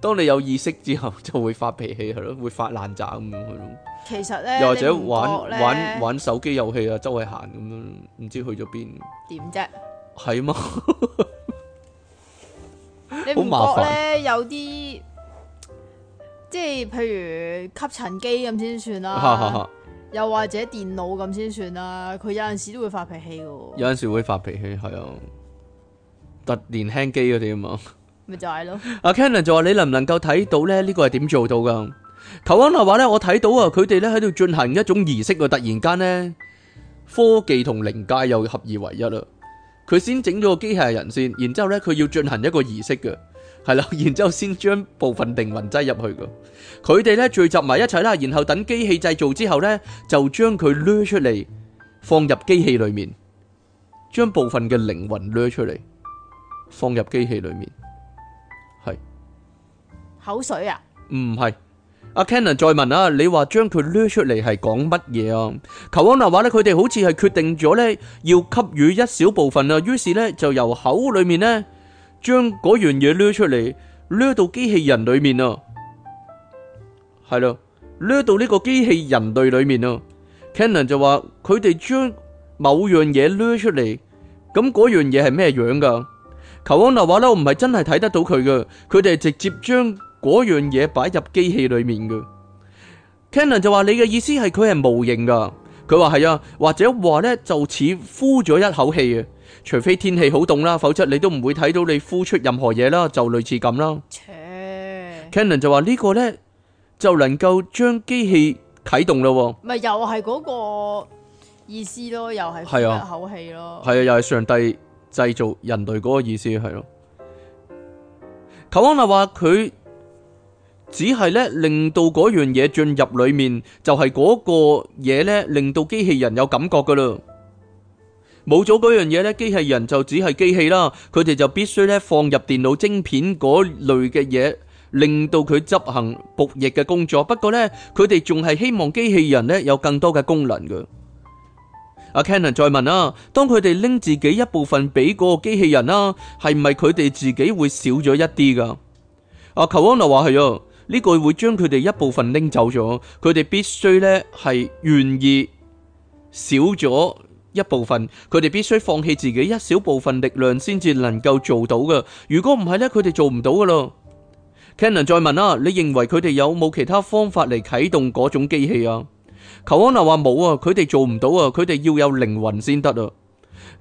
當你有意識之後，就會發脾氣，係咯，會發爛渣咁樣，係咯。其實咧，又或者玩玩玩手機遊戲啊，周圍行咁樣，唔知去咗邊。點 啫？係嘛 煩？你唔覺咧？有啲即係，譬如吸塵機咁先算啦。 又或者電腦咁先算啦。佢有陣時都會發脾氣嘅。有陣時會發脾氣，係啊，特年輕機嗰啲啊嘛，咪 就係咯。阿 Cannon 就話：你能唔能夠睇到咧？呢、這個係點做到噶？求安話咧，我睇到啊，佢哋咧喺度進行一種儀式啊。突然間咧，科技同靈界又合二為一啦。佢先整咗個機械人先，然之後咧，佢要進行一個儀式嘅。係啦，然之後先將部分靈魂擠入去噶，佢哋咧聚集埋一齊啦，然後等機器製造之後咧，就將佢掠出嚟，放入機器裏面，將部分嘅靈魂掠出嚟，放入機器裏面，係口水啊？唔係，阿 Kenan 再問啊，你話將佢掠出嚟係講乜嘢啊？求安那話咧，佢哋好似係決定咗咧要給予一小部分啊，於是咧就由口裏面咧，將嗰樣嘢掠出嚟，掠到機器人裏面啊，係咯，掠到呢個機器人類裏面啊。Kennen 就話佢哋將某那那樣嘢掠出嚟，咁嗰樣嘢係咩樣噶？求安娜話咧，我唔係真係睇得到佢噶，佢哋直接將嗰樣嘢擺入機器裏面噶。Kennen 就話你嘅意思係佢係模型噶，佢話係啊，或者話咧就似呼咗一口氣啊。除非天氣好凍啦，否則你都唔會睇到你呼出任何嘢啦，就類似咁啦。切，Cannon 就話呢個咧，就能夠將機器啟動啦喎。咪又係嗰個意思咯，又係呼吸口氣咯。係啊，又係上帝製造人類嗰個意思係咯。求安娜話佢只係咧令到嗰樣嘢進入裡面，就係嗰個嘢咧令到機器人有感覺噶啦。冇咗嗰樣嘢咧，機器人就只係機器啦。佢哋就必須咧放入電腦晶片嗰類嘅嘢，令到佢執行僕役嘅工作。不過咧，佢哋仲係希望機器人咧有更多嘅功能嘅。阿 Kenan 再問啊，當佢哋拎自己一部分俾嗰個機器人啦，係咪佢哋自己會少咗一啲噶？阿求安就話係啊，呢個會將佢哋一部分拎走咗，佢哋必須咧係願意少咗。一部分，佢哋必須放棄自己一小部分力量先至能夠做到嘅。如果唔係咧，佢哋做唔到噶咯。Cannon 再問啊，你認為佢哋有冇其他方法嚟啟動嗰種機器啊？c o 求安娜話冇啊，佢哋做唔到啊，佢哋要有靈魂先得啊。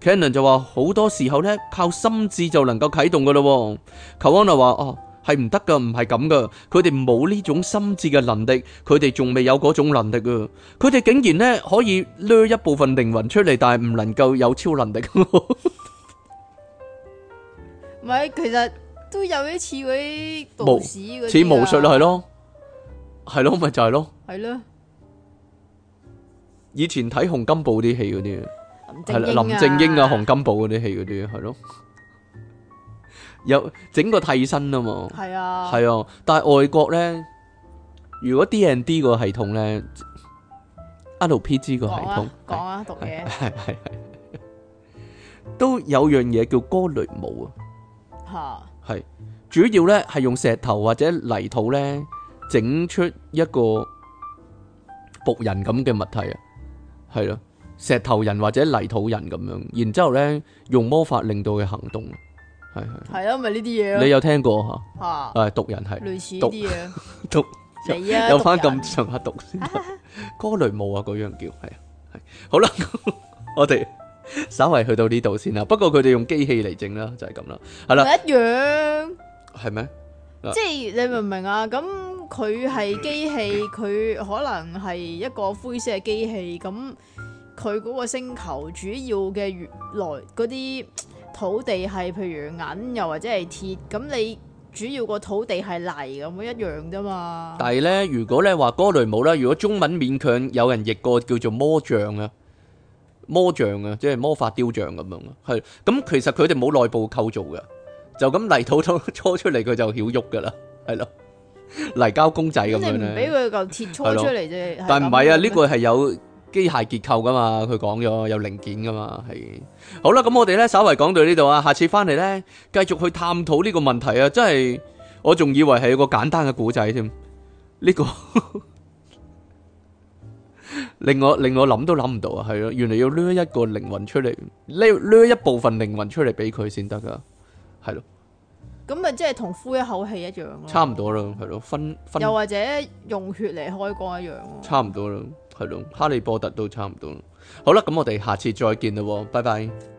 Cannon 就話好多時候咧，靠心智就能夠啟動噶咯。求安娜話哦。啊係唔得噶，唔係咁噶，佢哋冇呢種心智嘅能力，佢哋仲未有嗰種能力啊！佢哋竟然咧可以掠一部分靈魂出嚟，但係唔能夠有超能力。唔係，其實都有啲似嗰啲道士嗰啲啊，似巫術係咯，係咯，咪就係咯，係咯。以前睇洪金寶啲戲嗰啲啊，林正林正英啊，洪金寶嗰啲戲嗰啲係咯。有整個替身啊嘛，係啊，係啊，但係外國咧，如果 D and D 個系統咧，LPG 個系統講啊，講啊，讀嘢，係，係，係，都有樣嘢叫哥雷姆啊。嚇，係主要咧係用石頭或者泥土咧整出一個僕人咁嘅物體啊，係咯，石頭人或者泥土人咁樣，然之後咧用魔法令到佢行動。系系係咯，咪呢啲嘢咯。你有聽過吓？吓，誒，毒人係類似呢啲嘢，毒有有翻咁上下毒，哥雷姆啊，嗰樣叫係啊，係好啦，我哋稍微去到呢度先啦。不過佢哋用機器嚟整啦，就係咁啦。係啦，一樣係咩？即係你明唔明啊？咁佢係機器，佢可能係一個灰色嘅機器，咁佢嗰個星球主要嘅原來嗰啲。土地係譬如銀，又或者係鐵，咁你主要個土地係泥咁，一樣啫嘛。但係咧，如果你話哥雷姆咧，如果中文勉強有人譯過叫做魔像啊，魔像啊，即係魔法雕像咁樣咯，係。咁其實佢哋冇內部構造噶，就咁泥土搓搓出嚟，佢就曉喐噶啦，係咯，泥膠公仔咁樣咧。你唔俾佢個鐵搓出嚟啫？但唔係啊，呢個係有。機械結構噶嘛？佢講咗有零件噶嘛？係好啦，咁我哋咧，稍微講到呢度啊，下次翻嚟咧，繼續去探討呢個問題啊！真係我仲以為係個簡單嘅古仔添，呢個令我令我諗都諗唔到啊！係咯，原來要攞一個靈魂出嚟，攞攞一部分靈魂出嚟俾佢先得噶，係咯。咁咪即係同呼一口氣一樣咯，差唔多啦，係咯，分分又或者用血嚟開光一樣啊，差唔多啦。係咯，《哈利波特》都差唔多。好啦，咁我哋下次再見喇，拜拜。